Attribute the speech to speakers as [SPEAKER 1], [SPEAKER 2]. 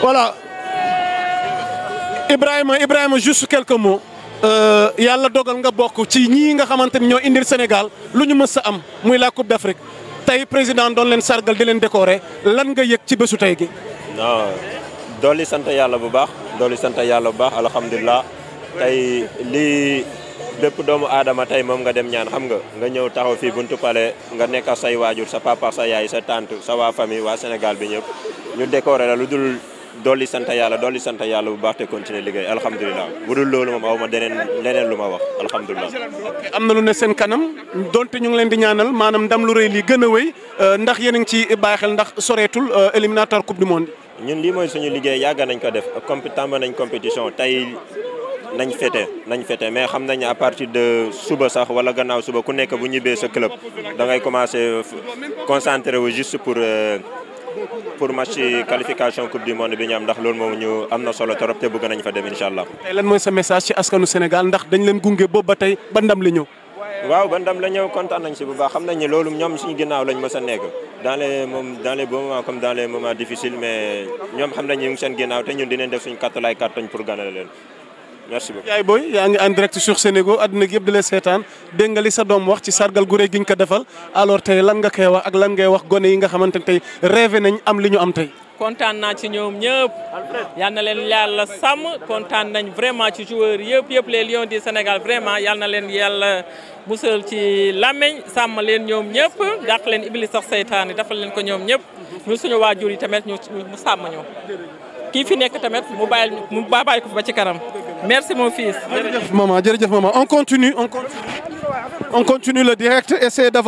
[SPEAKER 1] voilà Ibrahima Ibrahima juste quelques mots. Euh, yàlla dogal nga bokk ci ñii nga xamante ni ñoo indil Sénégal lu ñu mësa am muy la Coupe d'Afrique tey président doon leen sargal di leen décorer lan nga yëg ci bésu tey gi.
[SPEAKER 2] non dolli sant yàlla bu baax dolli sant yàlla bu baax alhamdulilah tey lii. bépp doomu aadama tey moom nga dem ñaan xam nga nga ñëw taxaw fii buntu pale nga nekk ak say waajur sa papa sa yaay sa tante sa waa famille waa Sénégal bi ñëpp ñu décorer la lu dul dolli sant yàlla dolli sant yàlla bu baax te continuer liggéey alhamdulilah bu dul loolu moom aw ma deneen leneen lu ma wax alhamdulilah.
[SPEAKER 1] am na lu ne seen kanam donte ñu ngi leen di ñaanal maanaam ndam lu rëy li gën a wéy euh, ndax yéen a ngi ciy bàyyi xel ndax soreetul euh, éliminatoire coupe du ñun
[SPEAKER 2] lii mooy suñu liggéey yàgg nañ ko def comp tàmba nañ compétition tey nañ fete nañ fete mais xam nañ à partir de suba sax wala gannaaw suba ku nekk bu ñibbee sa club da ngay commencé concentré wu juste pour euh, pour match qualification coupe du monde bi ñu am ndax loolu moom ñu am na solo trop te bëgg nañ fa dem incha allah.
[SPEAKER 1] tey lan mooy sa message ci askanu Sénégal ndax dañ leen gunge boobu ba tey ba ndam la ñëw.
[SPEAKER 2] waaw ba ndam la ñëw kontaan nañ si bu baax xam nañ ne loolu ñoom suñu ginnaaw lañ mës a nekk dans moom dans les bons moments comme dans les moments nañ ñu ngi te ñun dinañ def suñu kàttalaay kàttan pour ganale leen merci beaucoup
[SPEAKER 1] yaay booy yaa ngi en direct sur Sénégo àdduna gi yëpp di seetaan dégg sa doom wax ci sargal gu rëy ko defal alors tey lan nga koy wax ak lan ngay wax gone yi nga xamante ne tey rêvé nañ am li ñu am tey.
[SPEAKER 3] kontaan naa ci ñoom ñëpp yal na leen yàlla sàmm kontaan nañ vraiment ci joueurs yëpp yëpp les lions du Sénégal vraiment yal na leen yàlla musal ci làmmiñ sàmm leen ñoom ñëpp dàq leen iblis sax seytaane defal leen ko ñoom ñëpp ñu suñu waajur yi tamit mu sàmm ñoo kii fi nekk Merci mon fils. Jërëjëf
[SPEAKER 1] maman, jërëjëf maman. On continue, on continue. On continue le direct, essayez d'avoir